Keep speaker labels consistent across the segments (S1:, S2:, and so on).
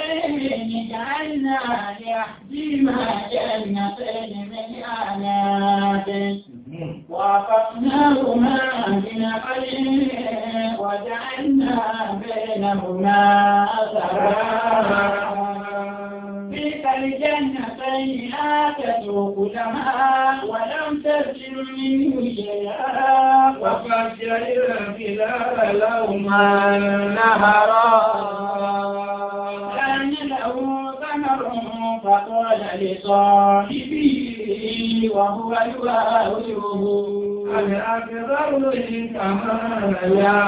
S1: الليل جعلنا ليحزمها جنتين من أعناب وقفناهما بنقل وجعلنا بينهما أثرا تلك الجنتين آتت أكلها ولم تزل منه شيئا وفجر خلالهما قال لصاحبه وهو يواجهه أن أكبر كما يا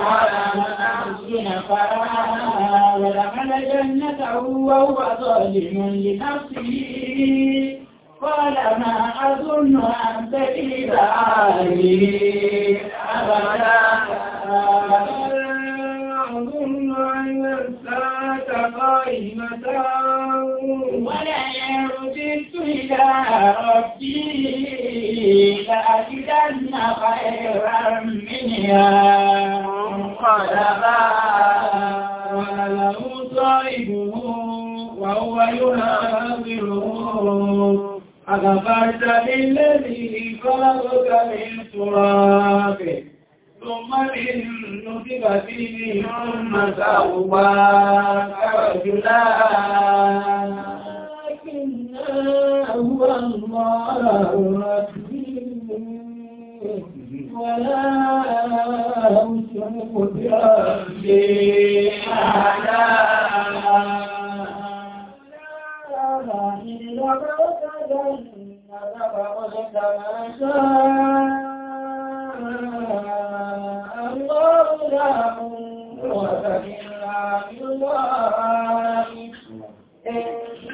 S1: حرم نفس نفرا ودخل جنته وهو ظالم لنفسه قال ما أظن أن تجد علي أبدا أظن أن الساعة قائمة ربي لأجدن خيرا منها انقلبا وله صاحبه وهو يناظره أغفرت للذي خلقك من تراب ثم من نطفة ثم سواك رجلا هو الله ولا أشرك بربي أحدا إلا بغض ما شاء الله لا مولى إلا بالله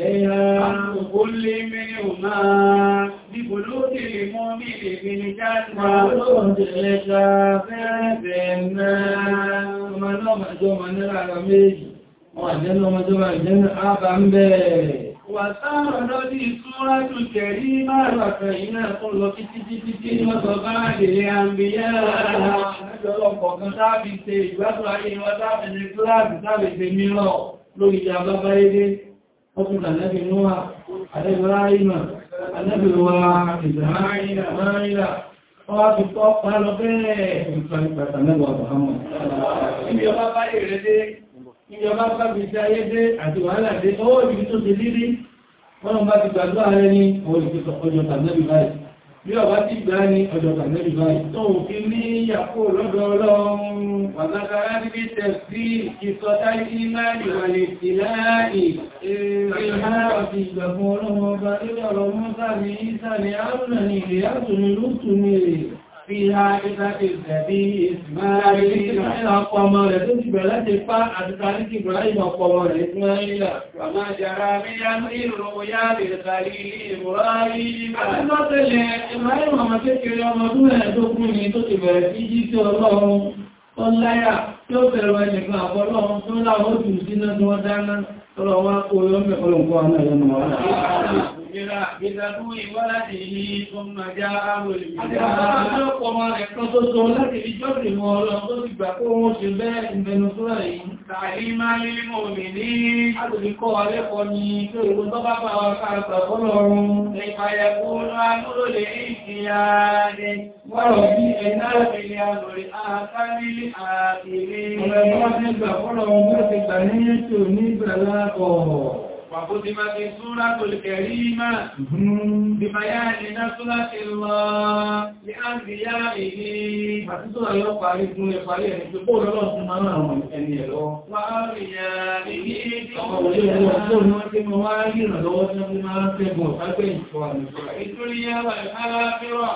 S1: إليها عن كل منهما ببلوغ المؤمن من جنة ولوج الكافر في النار ومن أمجو من العالمين وأجل أمجو من جنة أبا وصار لدي سورة كريمة وفينا كل كتبتين وصفاء للأنبياء ọ̀kan tábí ṣe ìgbásọ̀ ayé wa tábí ṣe kíláàbì tábí ṣe míràn lórí ìjàmbá báyé dé وصل النبي نوح عليه إبراهيم النبي هو إسماعيل إسماعيل Ọwá ti tọ́ pa lọ bẹ́ẹ̀ ìfàìfàtà mẹ́wàá Muhammad. Ibi ọba bá èrè dé, ibi ọba bá bí sí ayé dé àti wàhálà bí ọba ti gbá ní ọjọ́ta lẹ́bí báyìí tó ń fi ní yàkó lọ́dọ̀ ọlọ́run wàzága láti bí tẹ̀sí ìsọ̀tá ìmáàlì wà lè sí láàáì ìrìnà ọ̀tí ìgbàgbọ́n ọlọ́run ọba Fíhá ìdá ìzẹ̀bí ìsìnmáàrílá ọ̀pọ̀ ọmọ rẹ̀ tó ti bẹ̀rẹ̀ láti pá àti tàríkì Ibrahim ọ̀pọ̀ ọmọ rẹ̀ ìsìnmáàrílá. Wàmá jàrá mílá ìrò yá lè tàrí ìmúrárí. Àti lọ́tẹ̀lẹ̀ Ibrahim ọmọ kékeré ọmọdún ẹ̀ẹ́dógún ni tó ti bẹ̀rẹ̀ sí jí sí ọlọ́run ọláyà tí ó bẹ̀rẹ̀ ẹnìkan àbọ́lọ́run tó láwọn ó jù sínú Ìdàdúwì wọ́láti yìí ọmọ ajá àwọn ìlú. Àti àwọn ọmọ ọmọ rẹ̀ kan tó tó láti fi jọ́sìn mọ́ ọlọ́run tó sì gbà kó wọ́n ṣe bẹ́ẹ̀ ìbẹnu tó rẹ̀ yìí. Tàìlì máa lè mọ̀ mì ní àtòlíkọ́ alẹ́kọ́ ni tó ìwọ́n tó bá bá wa káàkà fọ́lọ́run. Ìpàyẹ̀kú lọ́nà lè rí ìfìyà rẹ̀. Wọ́rọ̀ bí ẹ̀nà ìrìn àlòrí àkárílì وختمت السورة الكريمة ببيان نصرة الله لأنبيائه فتسورة يوقع لكم يقرير يقول الله سبحانه وتعالى وأوليائه الدنيا والآخرة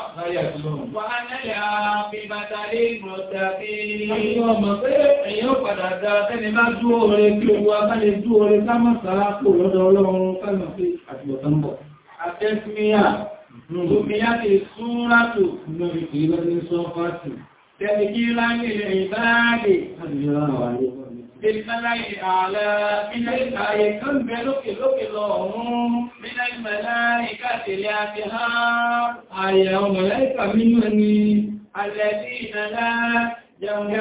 S1: وأن العاقبة للمتقين أيوة مصير أيوة قد أدى سنما جوه لكي وما لجوه لكما سلاكو lọ́dọ̀ ọlọ́run kánà pé àtìbọ̀tán bọ̀. Àtẹ́símíyà, lómiyá ti súnrátù lórí kìí lọ́dún sọ́fàtù. Tẹ́lì kí láyé ìbáàdì, Bílmẹ́láyé ààlá, bílmẹ́láyé kan bẹ lókè lókè lọ ọ̀run, bílmẹ́láyé káàkiri àti ha, àyẹ̀ ọmọ láìkà mímọ̀ ni, àlẹ́ bí ìnàlá, Àwọn tí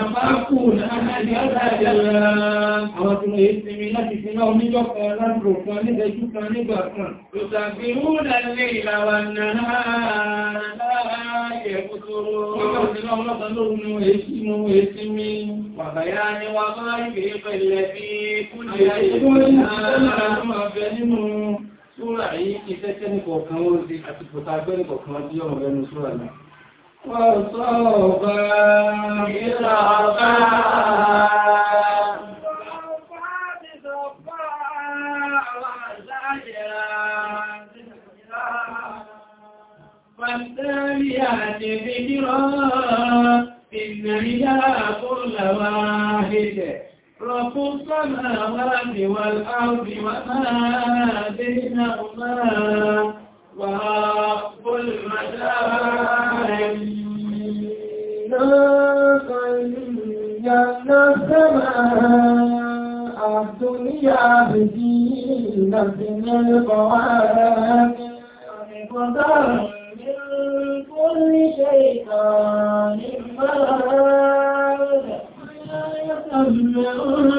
S1: mo yìí sinmi láti fi náà oníjọ́ kan láti rò kan ní ẹjú kan nígbà kan. Ìtàbírú lálé ìlàwà náà láàáyẹ kútúrú. Ọjọ́ ìsinmi ọlọ́ta lóòrùn ní èsì mú èsì mi. Wàbàyá ni wà bá ìgbé pẹ̀lẹ̀ bí kúlẹ̀ ìṣẹ́ وسوف يرضى فالتاليات ذكرى إن إلى كل واحد رب السماوات والأرض وما بينهما ورب المشاعر زينا السماء الدنيا بزينة من القوانين وقدر من كل شيطان مراد يسمعون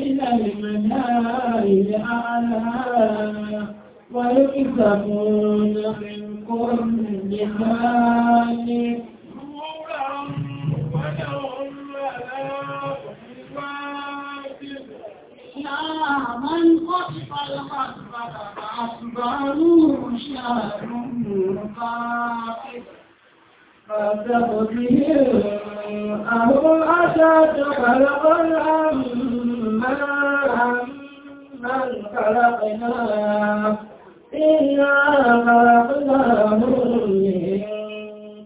S1: من الملائكة أعلى ويكسبون من كل خير ما قلهم من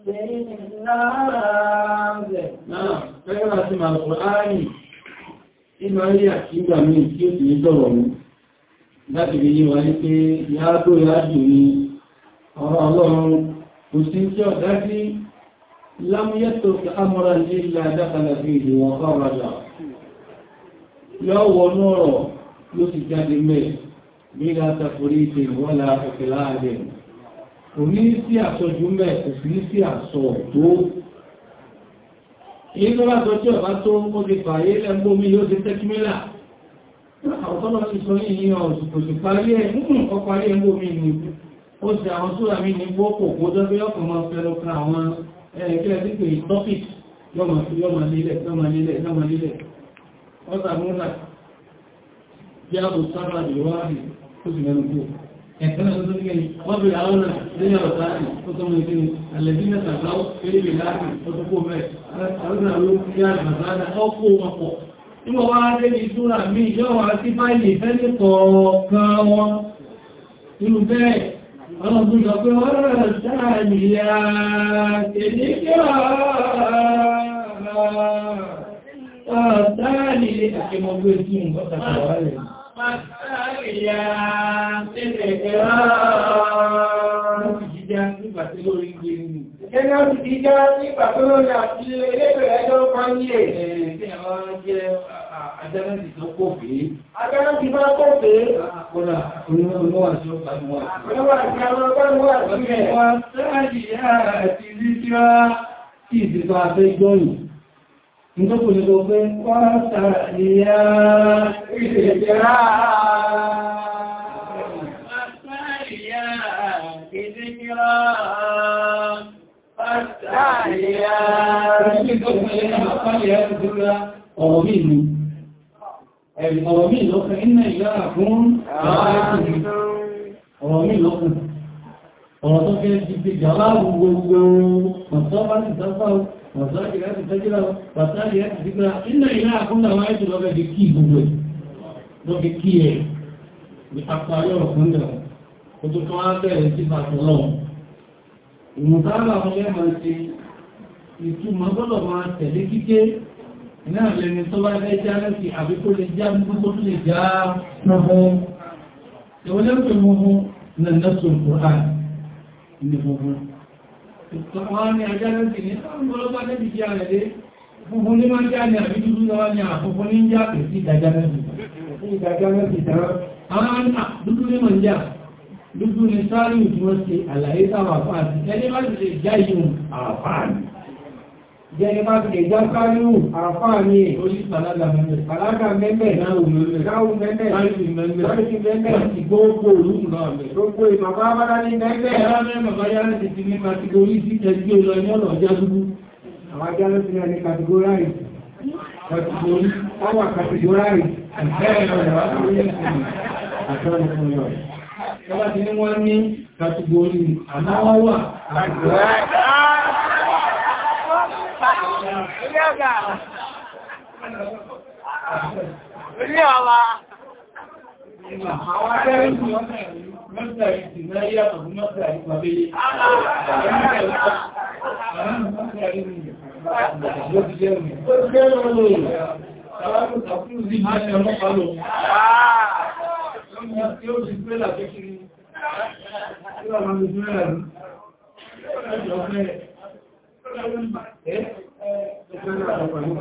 S1: سيد الناس نعم كما سمع القرآن ìmọ̀ rí àkígbà mí tí ó sì ní sọ̀rọ̀ mú láti rí wà ní pé yáàtò yáàtò ní ọ̀rọ̀ ọlọ́run kò sí tí ó dájí lámúyẹ́tò àmọ́ra ní ilẹ̀ adákanà sí ìdíwọ̀n fáwọ́dà yọ́ wọnú ọ̀rọ̀ ló ti jáde mẹ́rin nílá tàkùrítì wọ́la ìfìláàdẹ̀ kò ní sí àṣọjú mẹ́ kò sí sí àṣọ tó èyí tó bá tọ́jú ọ̀bá tó ó ti fàyé lẹ́gbómi yóò ti tẹ́kímẹ́là ọ̀tọ́lọ́ ti sọ yìí ọ̀sùkòsù parí ẹ̀ nínú ọparí ẹgbómi ni ó sì àwọn súra mi ní gbọ́pọ̀ kó dọ́bí ọkọ̀ máa fẹ́rọ ka àwọn yọ́mà nílẹ̀ yọ́mà nílẹ̀ yọ́mà nílẹ̀ ọ́sà múlà jẹ́ àbùsára ìwádìí ó sì mẹ́nu kú ẹ̀kọ́ náà tó ní wọ́n bèèrè àwọn náà lẹ́yìn ọ̀rọ̀ sáàrì tó tó mọ̀ ìdíni àlẹ́bí náà tàbí pérébè láàrin tó tó kó mẹ́ àwọn náà ló fi àgbàsáàdà ọkọ̀ wọn pọ̀ nígbà wá dé ní ìtura mi yóò wá sí báyìí fẹ́lẹ̀ kọ̀ọ̀kan wọn nínú bẹ́ẹ̀ ọlọ́dún sọ pé wọ́n rẹ̀ sáà nìyà tèmi kí Àtàrí àkẹmọ̀gbé tí ń bọ́ta kàwàá rẹ̀. Màtàríyà ti lórí gbé nínú. Ẹgbẹ́ ti jíjá lórí àti ẹlẹ́bẹ̀rẹ̀ ẹjọ́ kan ní ẹ̀. Ẹ̀ẹ́dẹ̀ ọ̀rọ̀ jẹ́ àjẹ́mẹ́sì tó kò pé. Àjẹ́mẹ́sì bá kò pé. Àkọ́lá, olúwà tí ó pàdé wà. Olúwà tí a lọ bá wà sí ẹ̀. Màtàríyà ti jíjá ìdìbà fẹ́ jọ́yìn. Ìjọ́kù ni gbogbo pọ́ta ìyá ìrìnlẹ̀ Ọ̀rọ̀ mi lọ́kùn iná ìyára fún ọ̀rọ̀ mi lọ́kùn. Ọ̀rọ̀ tó fẹ́ ti fi jàlá gbogbo ọ̀tọ́ bá ti sáfáwọ́ wàtàkì láti tẹ́jìlá wàtàkì láti tẹ́jìlá iná ilá àkúnnà wáyé tó lọ́gbẹ́ di kí gbogbo ẹ̀ lọ́gbẹ́ kí ẹ̀ ní àpáyọ̀ ọ̀kúnnà o tó kán á bẹ̀rẹ̀ sí bàtọ̀ náà ìmùtàlá ọmọdé máa ti ìtumọ̀ gbọ́dọ̀ máa tẹ̀lé kíké náà lẹ́ni tó bá fẹ́ já lẹ́sì àbí kó lè já gbogbo tó lè já mọ́fún wọ́n ní ajá lẹ́sì ní ọlọ́pàá lẹ́bí kí a rẹ̀ dé funfun ní máa já ní àbí dúdú lọ́wọ́ ní àfunfun ní já pè sí ìdájá lẹ́sì ìdájá lẹ́sì tẹ́rọ àwọn àmà dúdú ní mọ̀ já dúdú ní sáré ìdúró ṣe àlàyé sáwà fáàdì ẹni má sì lè já jẹni bá ti lè já sáríwù àfáàní ẹ̀ orí pàlágà mẹ́mẹ́ pàlágà mẹ́mẹ́ náà òmìnirí káwù mẹ́mẹ́ láìsí mẹ́mẹ́ láìsí mẹ́mẹ́ ti gbogbo òun náà mẹ́ gbogbo ìmọ̀bá bára ní mẹ́mẹ́ ẹ̀rọ mẹ́mọ̀ bá yára ti ti ní kàtígórí sí ẹgbẹ́ lọ ní ọ̀nà ọjà dúdú àwọn ajá ló ti rẹ̀ ní kàtígórárì kàtígórí ọwà kàtígórárì ẹ̀ẹ́rẹ̀ ọ̀rẹ́ wá Ilé ọ̀gá. Ilé ọ̀la. Àwọn akẹ́rẹ́ ìlú mẹ́ta ìsìn náà yàtọ̀ fún mẹ́ta ìpàdé. Àwọn mẹ́ta ìlú ló ti jẹ́ mi. Ó jẹ́ mi. Àwọn akẹ́rẹ́ ìlú ti máa ṣe ọmọ pàlò. Lọ́mọ tí ó ti gbé làkékiri. Tí ó máa ń gbé Ọgbọ̀n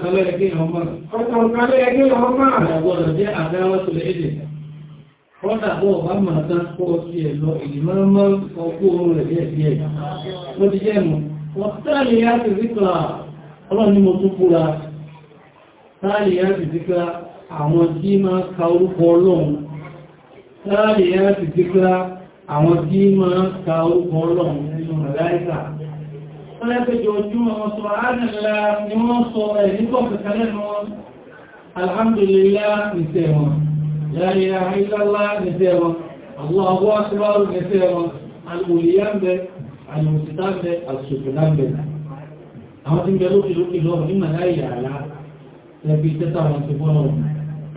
S1: kan lẹ́yẹ kí ọmọ náà. Ọgbọ̀n kan lẹ́yẹ kí ọmọ náà. Àgbọ̀dọ̀ jẹ́ àdáwọ́ tó lè èdè. Wọ́n dàbọ̀ bá máa tán kọ́ sí ẹ̀lọ ìdìmọ́ mọ́ ọkú oòrùn rẹ̀ díẹ̀ díẹ̀. Wọ́n ti jẹ́ mọ̀. Wọ́n tààlì yá ti zíkà ọlọ́ni mo tún fúra. Tààlì yá ti zíkà àwọn tí máa ka orúkọ Ọlọ́run sáàrì ẹ̀rẹ́ ti dígbá àwọn tí máa ń ka orúkọ ọlọ́run nínú màláìkà wọ́n lẹ́pẹ̀jọ ojú wọn sọ àádẹ́lá ni wọ́n sọ ẹ̀ nígbọ̀ kẹkẹrẹ wọn alhamdulillah nìtẹ̀ wọn la ilaha illallah nìtẹ̀ wọn Allahu akbar nìtẹ̀ wọn alùlìyà ń bẹ alùsìtà ń bẹ alùsùfìlà ń bẹ ní màláìyà àlá lẹ́bi tẹ́tà wọn ti bọ́ lọ́wọ́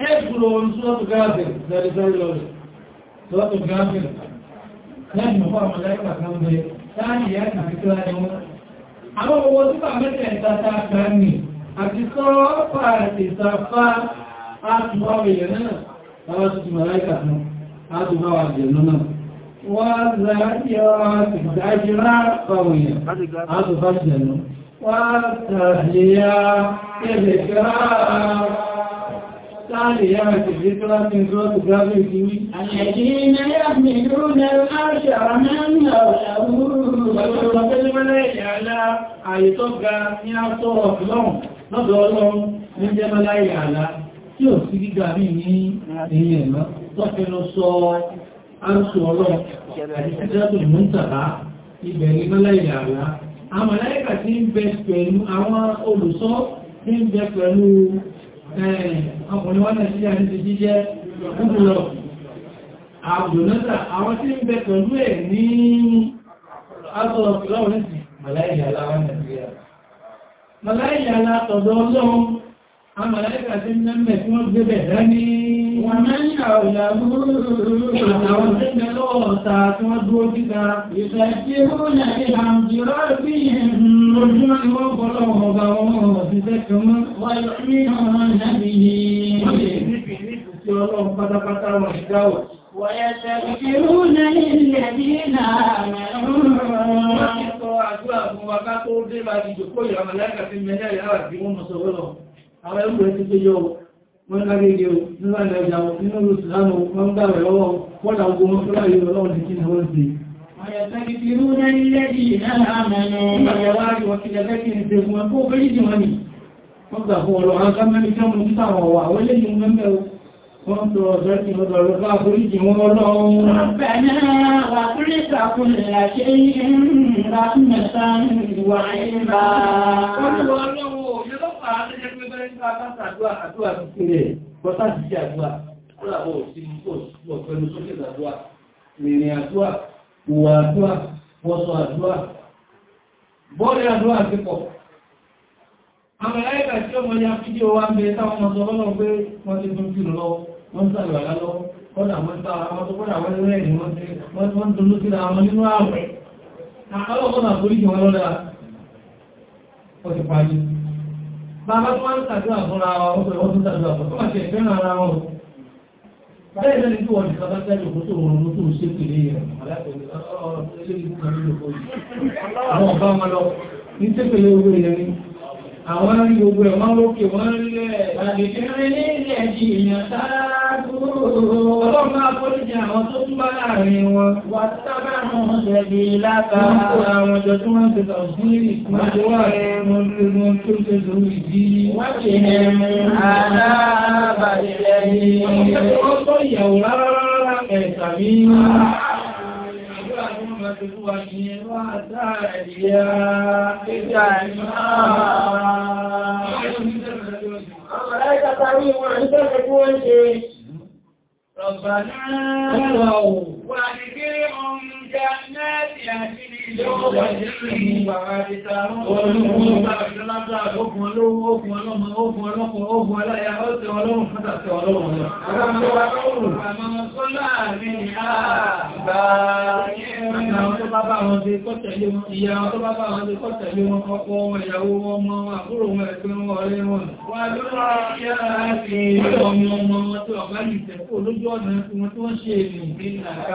S1: ẹgbùrọ̀ orin sọ́tò gáfìlì lẹ́yìn mọ́ àwọn ọmọlẹ́kà kan bẹ láàrin ìyá ìtàkì tó láyé wọn. àwọn owó tí bá mẹ́tẹ̀ ìtàta gbà ní àti sọ́ọ́fà ìtàfà àtúbáwò èèyàn náà láwọn tuntun mọ̀lẹ́kà kan àtúbáwò àjẹ̀nú náà. wọ́n zàájọ́ ìdájírá báwò èèyàn àtúbájẹ̀nú wọ́n tàhíyá ẹ̀lẹ́gbẹ̀rẹ̀ láàrin yára ti dé tó láti ń sọ́rọ̀ gbáfẹ́ ìsinmi. Àyẹ̀dínà yà mìíràn náà àṣà àmàmà ọ̀rọ̀ Ìbẹ̀rẹ̀ mọ́lá ìyàrá, àwọn aláìkà tí ń bẹ pẹ̀lú àwọn olùsọ́ tí ń bẹ pẹ̀lú ọkùnrin wọ́n nàíjíríà ní ti jíjẹ́ púpùlọ̀ àbùdónátà àwọn tí ń bẹ pẹ̀lú ẹ̀ ní asọ̀rọ̀pìlọ́ orísì màláìyàlá wọn nàíjíríà màláìyàlá tọ̀dọ̀ ọlọ́run Wọ́n náà ń yà ọ̀yà lóòrùn àwọn tí ń bẹ lọ́wọ́ ọ̀tà tí wọ́n dúró títà. Ìfẹ́ tí ó yẹ kí àmjìrọ́ bí ojúmọ́ ni wọ́n bọ́ lọ́wọ́ ọba wọn ọ̀síṣẹ́ kan Àwọn ẹgbẹ̀rẹ̀ ti pé yọ wọ́n lágbègbè nígbà ìrẹ̀jà nínú ìsìlámù wọ́n gbà rẹ̀ lọ́wọ́ wọ́n dàgbò wọn fúnra yìí lọ́wọ́ ní kí ni wọ́n ṣe. ويستغفرون للذين آمنوا والجوار وكذلك ينزلون فوق الجمال وقد هو لو أن كان من كم نتاع هو والذي ينبه وأنت وزرت وضرب أخرج ولهم ربنا وأخرج كل شيء رحمة وعلما قل والله jẹ́ pé bẹ́rẹ̀ nípa àdúrà àdúrà ti kéré pọ́tà sí àdúrà kúràbọ̀ sí pọ̀ pẹ̀lú sókè àdúrà rìnrìn àdúrà ìwà àdúrà wọ́sọ àdúrà bọ́ọ̀lì àdúrà ti pọ̀ àwọn ẹ̀ẹ́kà tí ọmọ ya fídíò wa ń bẹ táwọn ọmọ sọ́lọ́ pé wọ́n ti tún kìrò lọ wọ́n sàrò àlá lọ kọ́dà wọ́n tàà àwọn tó kọ́dà wọ́n rẹ̀ ní wọ́n tó ló síra àwọn nínú ààrẹ bàbá tó wọ́n tàbíwà fúnra ọgbẹ̀ wọ́n tó tàbíwà fún ọmọ ṣe ìfẹ́ràn ara wọn bẹ́ẹ̀ lẹ́ni tí wọ́n ìfẹ́ bá tẹ́lẹ̀ òkú tó rọrùn tó ṣe pèlè rẹ̀ ọ̀rọ̀ àwọn rí gbogbo ẹ̀ wọ́n lókè wọ́n rí lẹ̀ àdìkẹ́rin ní ilẹ̀ di èèyàn sáájú ọlọ́run máa foríjì àwọn tó tún bá láàrin wọn wà sábà wọn jẹ̀bi láta àwọn ọjọ́ tí wọ́n ti sọ fún ìrìnkú àti wà rẹ̀ wọn lórí wọn tó ń ṣe lórí ìdí wọ́n ti hẹ̀mí àdábàdìlẹ̀ yìí wọ́n tó ìyàwó rárá ẹ̀sàmí وجه وساريا إذا ما ربنا لو وَأَدْخِلْهُمْ جَنَّاتِ عَدْنٍ Àwọn tó bá bá wọn ti kọ́ tẹ̀lé wọn, ìyá wọn tó bá bá wọn ti kọ́ tẹ̀lé wọn, ọkọ wọn, ìyàwó wọn, ọmọ wọn, àbúrò wọn, ẹgbẹ́ wọn, ọ̀rẹ́ wọn. Wà lọ́wọ́ yára àti ọmọ ọmọ wọn tó àbáyìí tẹ̀kọ́ lójú ọ̀nà tí wọ́n tó ń ṣe ènìyàn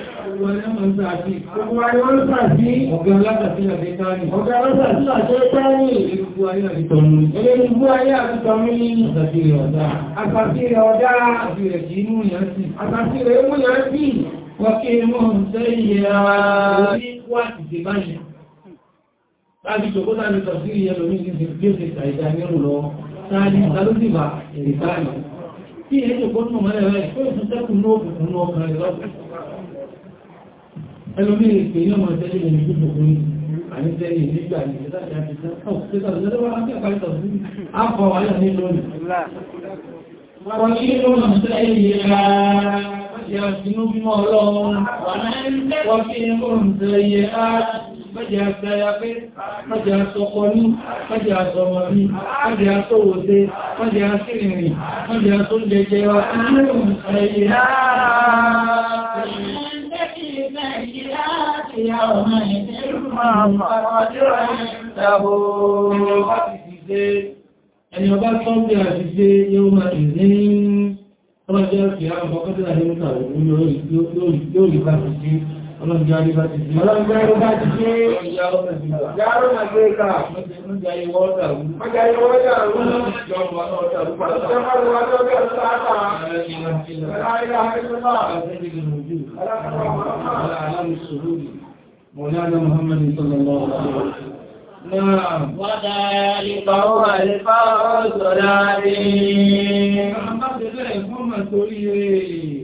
S1: Gbogbo ayé wọ́n ń sàbí ọ̀gá látàtí àdékáàrí. Ọ̀gá látàtí àdékáàrí. Gbogbo ayé àti tọ̀mí. Ẹlẹ́ni gbogbo ayé àti tọ̀mí. Àtàtí rẹ̀ ọ̀dá. Àtàtí rẹ̀ ọ̀dá. Àtàtí rẹ̀ kì í mú yàn sí. Àtàtí rẹ̀ mú yàn sí. Wọ́n kí mú sẹ́yìn ara. Orí wà ti ti báyìí. Láti ṣòkó láti tọ̀sí ìyẹlòmí ti ẹlòmí ìpè ní ọmọ ìtẹ́lẹ̀ ìlú gbogbo orí àníṣẹ́lẹ̀ nígbà ìgbẹ̀sáàtì àti ìṣẹ́ Mọ́jẹ́ àṣẹ́yà pé, mọ́jẹ́ àṣọ́kọ́ ní, mọ́jẹ́ àṣọ́mọ̀ ní, mọ́jẹ́ àṣọ́wò dé, mọ́jẹ́ àṣírìnrìn, mọ́jẹ́ àṣọ́jẹ́jẹ́ wa, ẹni rẹ̀ mọ̀ ṣe yìí. يومئذ فقد عنده ẹni ọba tọ́bí àṣìṣe yóò máa ìdí ní ọlọ́jọ́ kí a mọ̀ kọ́tí àti mọ́ta òun yóò rí bá ti sí ọlọ́jọ́ rí bá ti sí ọlọ́jọ́ rí bá ti sí yàrá máa gbé ká mọ́já ìwọ́ ọ̀dà òun mọ́já ìwọ́ ọ̀dà òun ìjọ ọmọ ọ̀dà òun pàtàkì ọjọ́ ọjọ́ ọjọ́ ọjọ́ ọjọ́ ọjọ́ ọjọ́ ọjọ́ ọjọ́ مولانا محمد صلى الله عليه وسلم نعم وذلك هو الفوز العظيم محمد بن محمد